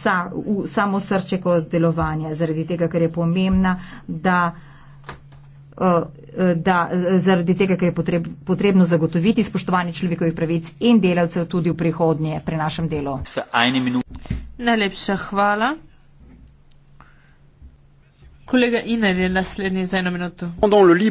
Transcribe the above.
vsa, v samo srce kot delovanje, zaradi tega, ker je pomembna, da, eh, eh, da zaradi tega, ker je potreb, potrebno zagotoviti spoštovanje človekovih pravic in delavcev tudi v prihodnje pri našem delu. Najlepša hvala. Kolega Iner je naslednji za eno minuto.